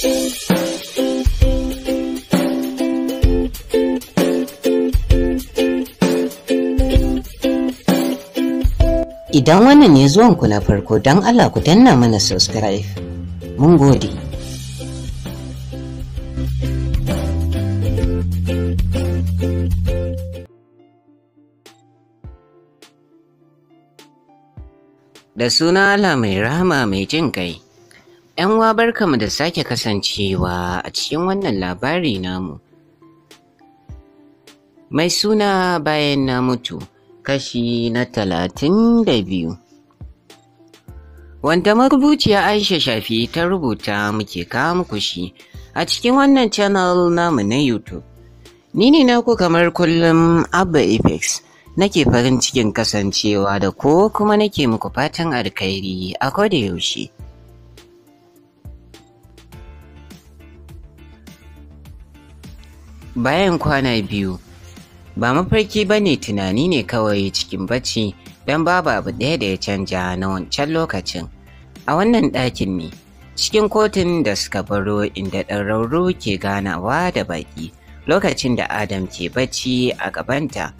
Idan wannan ne zuwanku na farko don Allah ku danna mana subscribe. Mun gode. Da suna Allah mai rahama mai jin kai. 'yan uwa barkamu da sake kasancewa a cikin wannan labari namu mai suna bayan na mutu kashi na talatin da biyu wanda marubuciya aisha shafi ta rubuta muke kawo muku shi a cikin wannan channel namu na youtube ni ne naku kamar kullum abba apex nake farin cikin kasancewa da ko kuma nake muku fatan alkhairi a koda yaushe bayan kwana biyu ba mafarki ba ne tunani ne kawai cikin bacci don babu abu ɗaya da ya canja na wancan lokacin a wannan ɗakin ne cikin kotun da suka baro inda ɗararru ke ganawa da baƙi lokacin da adam ke bacci a gabanta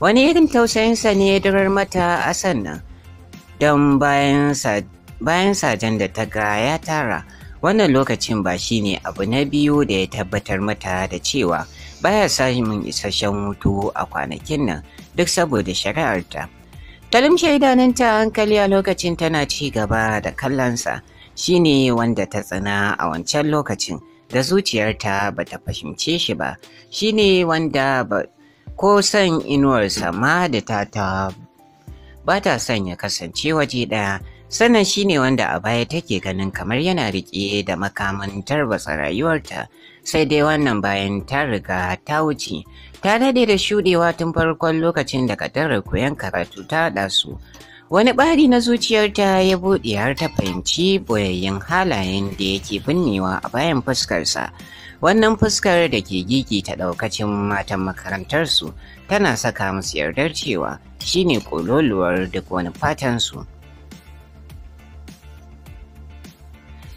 wani irin tausayinsa ne ya durar mata a sannan don bayan sajan da ta ga ya tara wannan lokacin ba shi ne abu na biyu da ya tabbatar mata da cewa baya samun isasshen hutu a kwanakin nan duk saboda shari'arta shaidanin idanunta hankali a lokacin tana ci gaba da kallonsa shi ne wanda ta tsana a wancan lokacin da zuciyarta ba ta fahimce shi ba shi ne wanda ba ko son inuwarsa ma da ta ba ta son ya kasance waje ɗaya sannan shi ne wanda a baya take ganin kamar yana riƙe da makamin tarbatsa rayuwarta sai dai wannan bayan ta riga ta wuce ta daɗe da shuɗewa tun farkon lokacin da kadarar koyon karatu ta haɗa su wani ɓari na zuciyarta ya buɗe har ta fahimci boyayyen halayen da yake binnewa a bayan fuskarsa wannan fuskar da ke gigi ta ɗaukacin matan makarantarsu tana saka musu yardar cewa shine kololuwar duk wani fatansu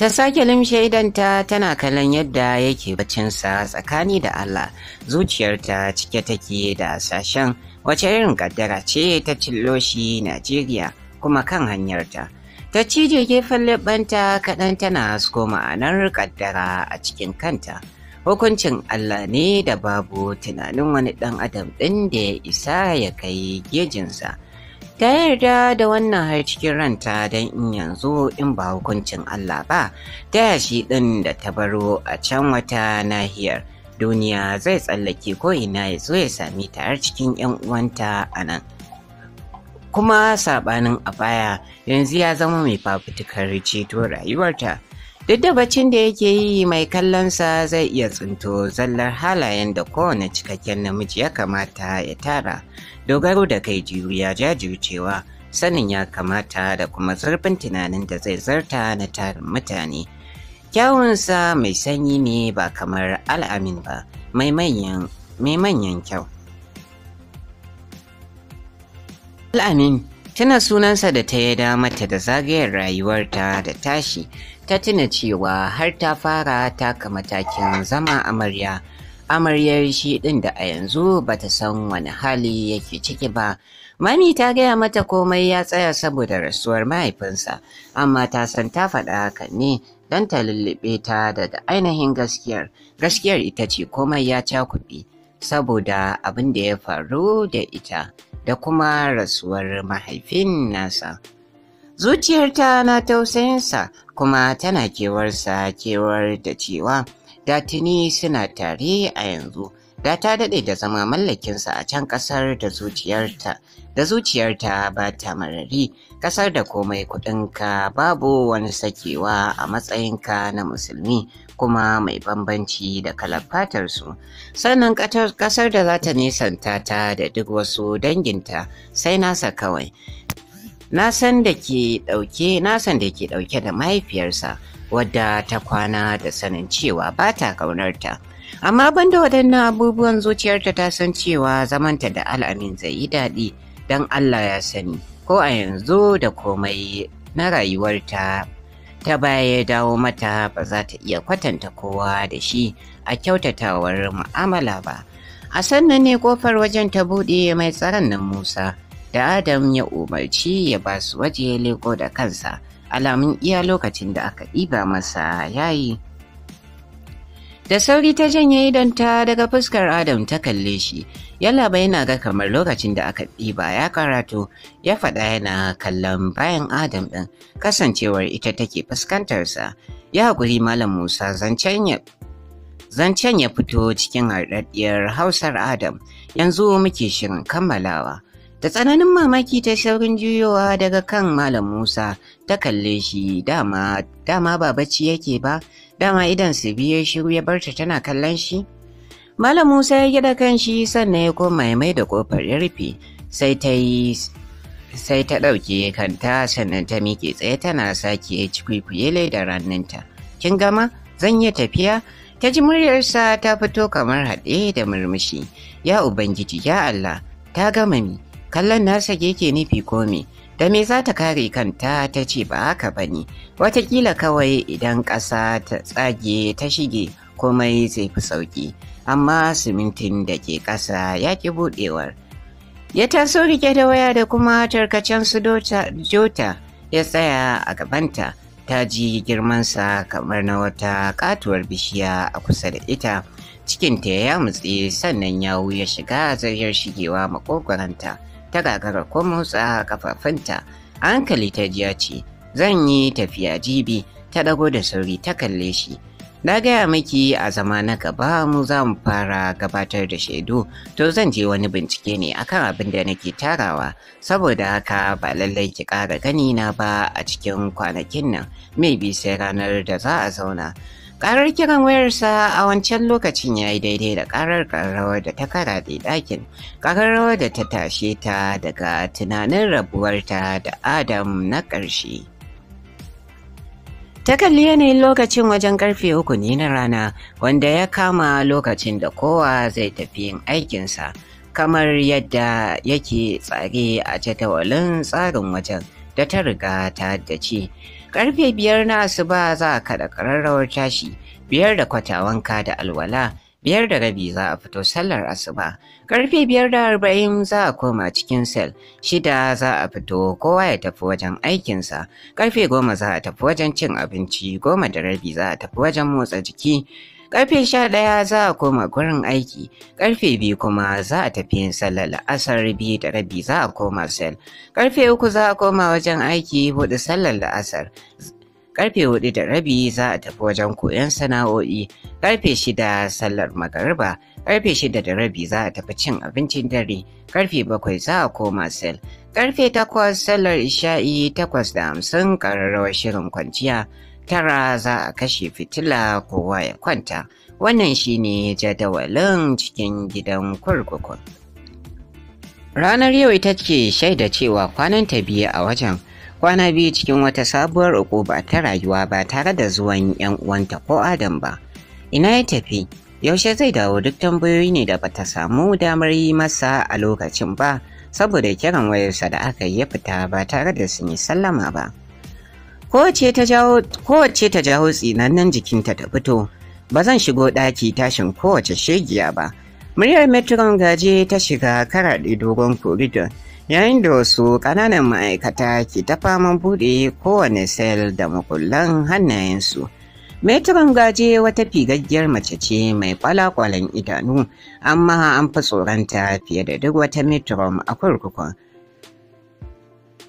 ta sake limshe tana kallon yadda yake bacinsa tsakani da Allah zuciyarta cike take da sashen wace irin kaddara ce ta cillo shi Najeriya kuma kan hanyarta ta cije gefen leɓanta kaɗan tana hasko ma'anar kaddara a cikin kanta hukuncin Allah ne da babu tunanin wani ɗan adam ɗin da ya isa ya kai gejinsa. ta yarda da wannan har cikin ranta don in yanzu in ba hukuncin Allah ba ta yashi ɗin da ta baro a can wata nahiyar duniya zai tsallake ko ina ya zo ya sami ta har cikin 'yan uwanta a nan. Kuma saɓanin a baya yanzu ya zama mai fafutukar ceto rayuwarta. Duk da baccin da yake yi mai kallonsa zai iya tsinto zallar halayen da kowane cikakken namiji ya kamata ya tara, dogaro da kai juriya jajircewa, sanin ya kamata da kuma zurfin tunanin da zai zarta na tarin mutane. Kyawunsa mai sanyi ne ba kamar al'amin ba, mai manyan kyau. Al'amin Tuna sunansa da ta yada mata da zagayen rayuwarta da tashi, ta tuna cewa har ta fara taka matakin zama amarya. Amaryar shi ɗin da a yanzu ba ta san wani hali yake ciki ba. Mami ta gaya mata komai ya tsaya saboda rasuwar mahaifinsa, amma ta san ta faɗa haka ne don ta lullube ta daga ainihin gaskiyar. Gaskiyar ita ce komai ya cakuɗe saboda abin da ya faru da ita. da kuma rasuwar mahaifin nasa. Zuciyarta na tausayinsa kuma tana kewarsa kewar da cewa da tuni suna tare a yanzu da ta daɗe da zama mallakinsa a can ƙasar da zuciyarta da zuciyarta ba ta marari kasar da komai kudinka babu wani sakewa a matsayinka na musulmi kuma mai bambanci da kalar fatarsu sannan kasar da za ta nisanta ta da duk wasu danginta sai nasa kawai nasan da nasan da ke dauke da mahaifiyarsa wadda ta kwana da sanin cewa ba ta kaunarta amma banda waɗannan abubuwan zuciyarta ta san cewa zamanta da al'amin zai yi daɗi don Allah ya sani ko a yanzu da komai na rayuwarta ta baya ya dawo mata ba za ta iya kwatanta kowa da shi a kyautatawar mu'amala ba a sannan ne kofar wajen ta buɗe mai tsaron nan musa da adam ya umarci ya ba su waje leko da kansa alamun iya lokacin da aka ɗiba masa yayi Da sauri ta janye ta daga fuskar Adam ta kalle shi, yalla yana ga kamar lokacin da aka ɗiba ya karatu. ya faɗa yana kallon bayan Adam ɗin kasancewar ita take fuskantarsa. Ya haƙuri Malam Musa zancen ya ya fito cikin harɗaɗɗiyar hausar Adam yanzu muke shirin kammalawa. Da tsananin mamaki ta saurin juyowa daga kan Malam Musa ta kalle shi dama dama ba bacci yake ba dama idan su biye shiru ya barta tana kallon shi malam musa ya gida kan shi sannan ya koma ya mai da kofar ya rufe sai ta yi sai ta ɗauke kanta sannan ta miƙe tsaye tana sake cikwikwiye laidar ranninta kin gama zan yi tafiya ta ji muryarsa ta fito kamar haɗe da murmushi ya ubangiji ya allah ta gama mi kallon nasa yake nufi ko me da me za ta kare kanta ta ce ba haka ba ne watakila kawai idan ƙasa ta tsage ta shige komai zai fi sauƙi amma simintin da ke ƙasa ya ki buɗewar ya taso rike da waya da kuma tarkacen su jota ya tsaya a gabanta ta ji girmansa kamar na wata katuwar bishiya a kusa da ita cikinta ya mutse sannan yawu ya shiga zaryar shigewa makogoranta. ta gagara ko motsa kafafunta a hankali ta jiya ce zan yi tafiya jibi ta dago da sauri ta kalle shi na gaya miki a zama na gaba mu za mu fara gabatar da shaidu to zan je wani bincike ne akan abin da nake tarawa saboda haka ba lallai ki ƙara gani na ba a cikin kwanakin nan maybe sai ranar da za a zauna Karar kiran wayarsa a wancan lokacin ya yi daidai da karar karrawar da ta karaɗe ɗakin, kararrawar da ta tashe ta daga tunanin rabuwarta da Adam na ƙarshe. Ta kalli yanayin lokacin wajen karfe uku ne na rana wanda ya kama lokacin da kowa zai tafi yin aikinsa, kamar yadda yake tsare a jadawalin tsarin wajen da ta riga ta haddace. Karfe biyar na asuba za a kaɗa ƙararrawar tashi, biyar da kwata wanka da alwala, biyar da rabi za a fito sallar asuba. Karfe biyar da arba'in za a koma cikin sel, shida za a fito kowa ya tafi wajen aikinsa. Karfe goma za a tafi wajen cin abinci, goma da rabi za a tafi wajen motsa jiki. Ƙarfe sha ɗaya za a koma gurin aiki, ƙarfe biyu kuma za a tafi yin sallar la'asar biyu da rabi za a koma sel. Ƙarfe uku za a koma wajen aiki huɗu sallar la'asar. Ƙarfe huɗu da rabi za a tafi wajen koyon sana'o'i. Ƙarfe shida sallar magariba. Ƙarfe shida da rabi za a tafi cin abincin dare. Ƙarfe bakwai za a koma sel. Ƙarfe takwas sallar isha'i takwas da hamsin ƙararrawar shirin kwanciya. tara za a kashe fitila kowa ya kwanta wannan shine jadawalin cikin gidan kurkuku. ranar yau ita ce shaida cewa kwanan ta biyu a wajen kwana biyu cikin wata sabuwar ba ta rayuwa ba tare da zuwan yan uwanta ko adam ba ina ya tafi yaushe zai dawo duk tambayoyi ne da bata samu damar yi masa a lokacin ba saboda kiran wayarsa da aka yi ya fita ba tare da sun yi sallama ba kowace ta jawo tsinanin tsinannen jikinta ta fito ba zan shigo ɗaki tashin kowace shegiya ba muryar metron gaje ta shiga karaɗe dogon koridor yayin da wasu ƙananan ma'aikata ke ta faman buɗe kowane sel da makullan hannayensu metron gaje wata figaggiyar mace ce mai kwalakwalen idanu amma an fi tsoronta fiye da duk wata metron a kurkukun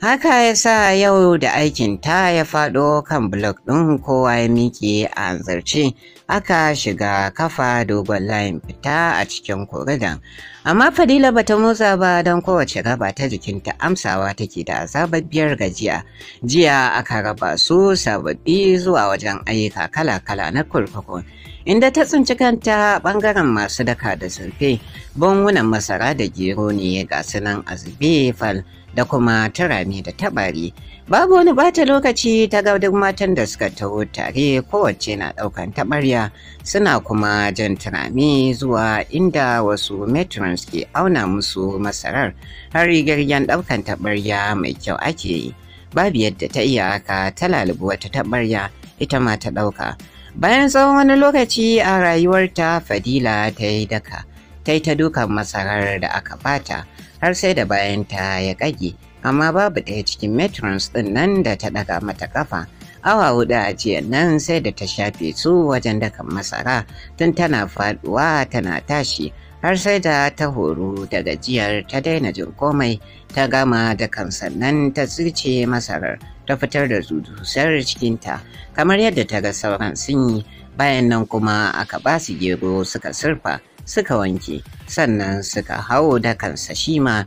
Haka ya sa yau da aikin ta ya faɗo kan blog ɗin kowa ya miƙe a zarce aka shiga kafa dogon layin fita a cikin koridan. Amma Fadila bata motsa ba don kowace raba ta jikinta amsawa take da sababbiyar gajiya. Jiya aka raba su sababbi zuwa wajen ayyuka kala-kala na kurkuku. Inda ta tsinci kanta bangaren masu daka da sulfe, bangunan masara da gero ne ga sunan azubi fal. da kuma ta da tabari. Babu wani bata lokaci ta ga duk matan da suka taho tare kowace na ɗaukan tabarya suna kuma jan turami zuwa inda wasu matrons ke auna musu masarar har rigargen ɗaukan tabarya mai kyau ake yi. Babu yadda ta iya haka ta wata tabarya ita ma ta ɗauka. Bayan tsawon wani lokaci a rayuwarta Fadila ta yi daka, ta yi ta dukan masarar da aka bata. har sai da bayanta ya ƙage amma babu ɗaya cikin metrons ɗin nan da ta ɗaga mata ƙafa awa hudu a jiya nan sai da ta shafe su wajen dakan masara tun tana faɗuwa tana tashi har sai da ta horo da gajiyar ta daina jin komai ta gama da kan sannan ta tsirce masarar ta fitar da zuzusar cikinta kamar yadda ta ga sauran sun yi bayan nan kuma aka ba su gero suka surfa suka wanke sannan suka hau da kansa shi ma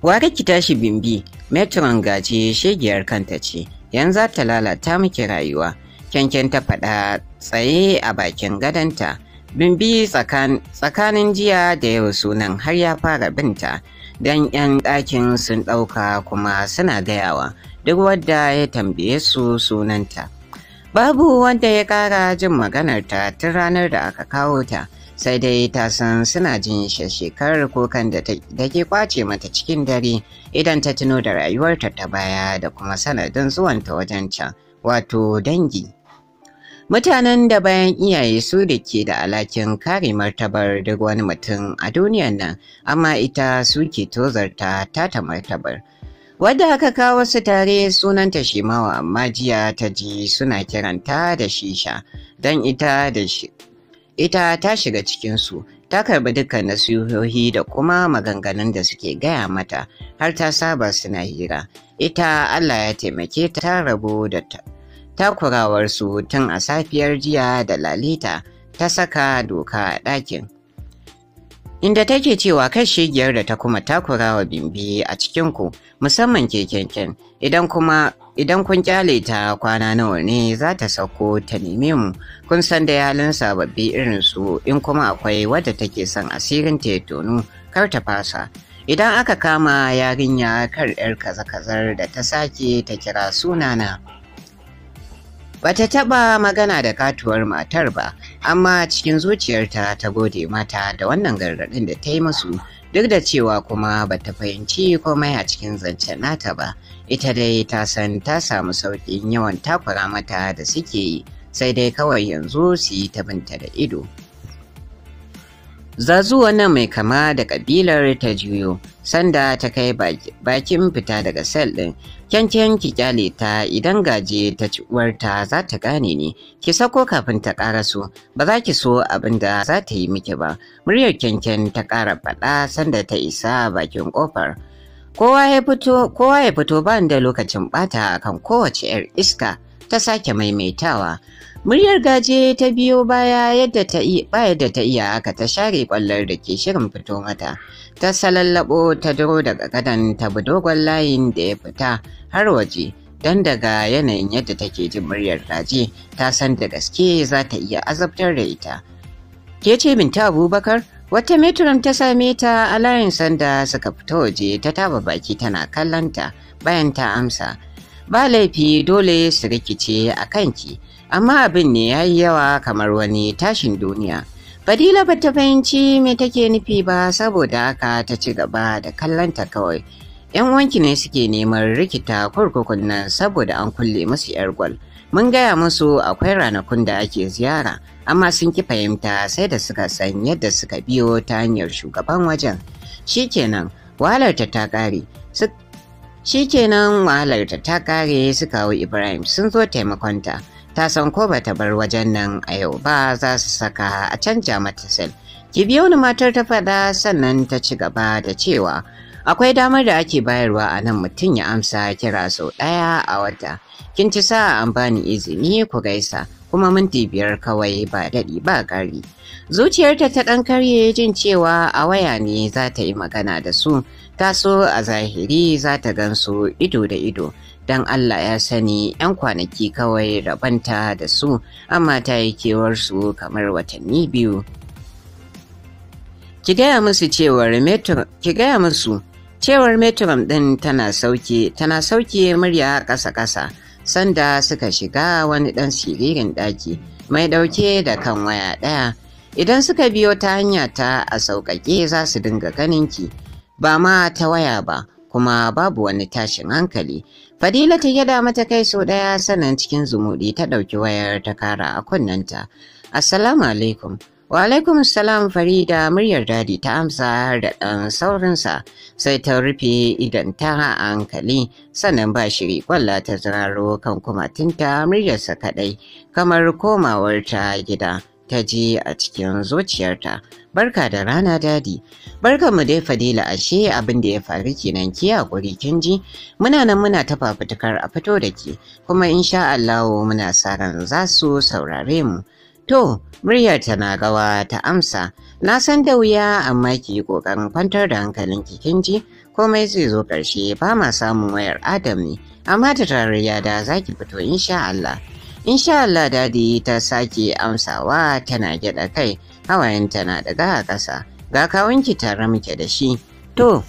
ware ki tashi bimbi metron gaje shegiyar kanta ce yanzu ta lalata miki rayuwa kyankyan ta faɗa tsaye a bakin gadonta bimbi tsakanin jiya da yau sunan har ya fara binta don 'yan ɗakin sun ɗauka kuma suna gayawa duk wadda ya tambaye su sunanta Babu wanda ya kara jin maganar ta tun ranar da aka kawo ta, sai dai ta san suna jin shekarar kukan da ke kwace mata cikin dare idan ta tuno da rayuwarta ta baya da kuma sanadin zuwanta wajen can, wato dangi. Mutanen da bayan iyaye su da ke da alakin kare martabar duk wani mutum a duniyar nan, amma ita suke tozarta ta ta martabar. Wadda aka kawo su tare sunanta Shimawa amma jiya ta ji suna kiranta da Shisha don ita da shi. Ita ta shiga cikinsu, ta karbi dukkan nasihohi da kuma maganganun da suke gaya mata har ta saba suna hira. Ita Allah ya taimake ta rabu da ta, takurawarsu tun a safiyar jiya da lalita ta saka doka a ɗakin. inda take cewa kai shegiyar da ta kuma takurawa bimbi a cikin ku musamman kekenken idan kuma idan kun kyale ta kwana nawa ne za ta sauko ta neme mu kun san da yalin sababbi irin su in kuma akwai wadda take son asirin ta ya tonu kar ta fasa idan aka kama yarinya kar yar kaza-kazar da ta sake ta kira sunana Bata taɓa magana da katuwar matar ba, amma cikin zuciyarta ta gode mata da wannan gargaɗin da ta yi musu duk da cewa kuma bata fahimci komai a cikin zancen nata ba. Ita dai ta san ta samu sauƙin yawan takura mata da suke yi, sai dai kawai yanzu su yi ta binta da ido. Zazuwa nan mai kama da kabilar ta juyo, sanda ta kai bakin fita daga sel ɗin. Kyankyan ki kyale ta idan gaje ta ciwarta za ta gane ne ki sako kafin ta ƙara su, ba za ki so abin da za ta yi miki ba. Muryar kyankyan ta ƙara faɗa sanda ta isa bakin ƙofar. Kowa ya fito, kowa ya ba da lokacin ɓata kan kowace 'yar iska ta sake maimaitawa. Muryar gaje ta biyo baya yadda ta ba yadda ta iya aka ta share kwallar da ke shirin fito mata. Ta salallabo ta duro daga gadan ta bi dogon layin da ya fita har waje. don daga yanayin yadda take jin muryar gaje ta san da gaske za ta iya azabtar da ita. Ke ce minta Abubakar, wata metron ta same ta a layin sanda suka fito waje ta taba baki tana kallanta bayan ta amsa. Ba laifi dole su rikice a kanki, amma abin ne ya yi yawa kamar wani tashin duniya. Badila ba ta fahimci me take nufi ba saboda haka ta ci gaba da kallanta kawai. ‘Yan wanki ne suke neman rikita kurkukun nan saboda an kulle musu ‘yar gwal. Mun gaya musu akwai ranakun da ake ziyara, amma sun ki fahimta sai da suka san yadda suka biyo ta hanyar shugaban wajen. Shikenan, wahalarta ta kare Shikenan wahalar ta kare su kawo Ibrahim sun zo taimakonta. ta san ko bata bar wajen nan a yau ba za su saka a canja mata sel. Ki biyo ni matar ta faɗa sannan ta ci gaba da cewa akwai damar da ake bayarwa a nan mutum ya amsa kira sau ɗaya a wata. Kin ci sa an bani izini ku gaisa kuma minti biyar kawai ba daɗi ba kari. Zuciyarta ta ɗan karye jin cewa a waya ne za ta yi magana da su, ta so a zahiri za ta gan su ido da ido. don Allah ya sani 'yan kwanaki kawai rabanta da su amma ta yi kewarsu kamar watanni biyu. Ki gaya musu cewar metron ɗin tana sauke tana sauke murya ƙasa-ƙasa sanda suka shiga wani ɗan siririn ɗaki mai ɗauke da kan waya ɗaya idan suka biyo ta hanya ta a sauƙaƙe za su dinga ganinki ba ma ta waya ba kuma babu wani tashin hankali Fadila ta gyada mata kai so ɗaya sannan cikin zumudi ta ɗauki wayar ta kara a kunnenta. Assalamu alaikum. Wa alaikum salam Farida muryar dadi ta amsa da ɗan saurinsa sai ta rufe idan ta hankali sannan ba shiri kwalla ta zararo kan kumatinta muryarsa kaɗai kamar komawar ta gida. ta je a cikin zuciyarta. Barka da rana dadi. Barka mu dai Fadila ashe abin da ya faru kenan ki guri kin ji? Muna nan muna ta fafutukar a fito da ke kuma insha Allah muna sa ran za su saurare mu. To, muryar ta na gawa ta amsa. Na san da wuya amma ki kokarin kwantar da hankalin ki kin ji? Komai zai zo ƙarshe ba ma samun wayar Adam ne. Amma ta tarar da za ki fito insha Allah. insha Allah dadi ta sake amsawa tana gyaɗa kai hawayen tana daga a ƙasa ga kawunki tare muke da shi to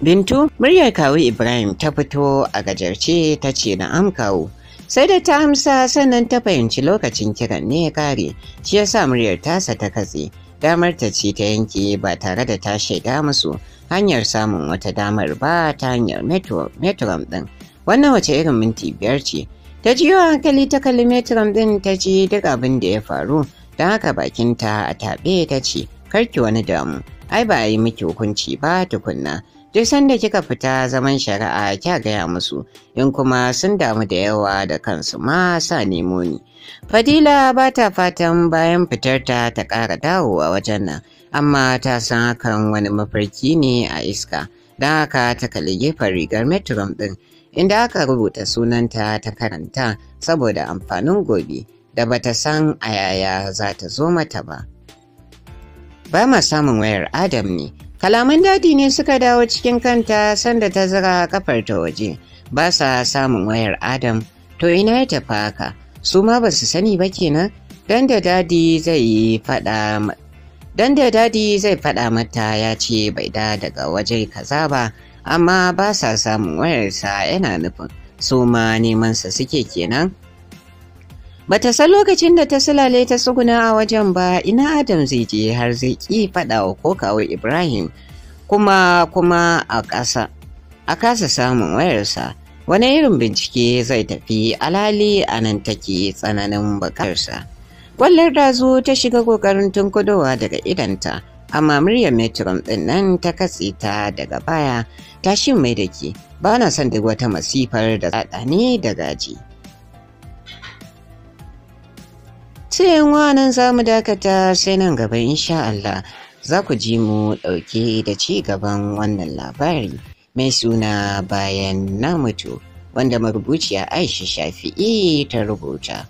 bintu muryar kawu ibrahim ta fito a gajarce ta ce na amkawo sai da ta amsa sannan ta fahimci lokacin kiran ne kare shi yasa muryar tasa ta katse damar ta ce ta yanke ba tare da ta shaida musu hanyar samun wata damar ba ta hanyar metro din wannan wace irin minti biyar ce ta jiyo hankali ta kalli metron ɗin ta ji duk abin da ya faru don haka bakin ta a taɓe ta ce karki wani damu ai ba a yi miki hukunci ba tukunna duk sanda kika fita zaman shari'a kya gaya musu in kuma sun damu da yawa da kansu ma sa nemo ni fadila ba ta fatan bayan fitar ta ta ƙara dawowa wajen nan amma ta san hakan wani mafarki ne a iska don haka ta kalli gefen rigar metron ɗin inda aka rubuta sunanta ta karanta saboda amfanin gobe da bata san a yaya za ta zo mata ba. Ba ma samun wayar Adam ne, kalaman dadi ne suka dawo cikin kanta sanda ta zira kafar ta waje, ba sa samun wayar Adam, to ina ya tafi haka, su ma ba su sani ba kenan, dan da dadi zai faɗa Dan da dadi zai faɗa mata ya ce bai da daga waje kaza ba amma ba sa samun wayarsa yana nufin su ma nemansa suke kenan. Bata san lokacin da ta sulale ta tsuguna a wajen ba ina Adam zai je har zai ƙi faɗa wa kokawar Ibrahim kuma kuma a ƙasa a kasa samun wayarsa wani irin bincike zai tafi alali a nan take tsananin buƙatarsa. Wallar dazu ta shiga ƙoƙarin tunkudowa daga idanta amma muryar metron ɗin nan ta katse ta daga baya ta shin mai da ke ba na son duk wata masifar da tsada ne da gaji. Tsayin wanan za mu dakata sai nan gaba insha Allah za ku ji mu ɗauke da ci gaban wannan labari mai suna bayan na mutu wanda marubuciya Aisha Shafi'i ta rubuta.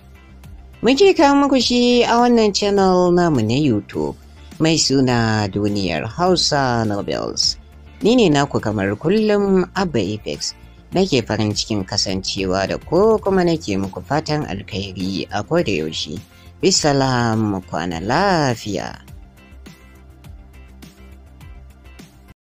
Muke kawo muku shi a wannan channel namu na YouTube. mai suna duniyar Hausa Nobels. Ni ne naku kamar kullum Abba Apex. Nake farin cikin kasancewa da ko kuma nake muku fatan alkhairi a koda yaushe. Bisalam kwana lafiya.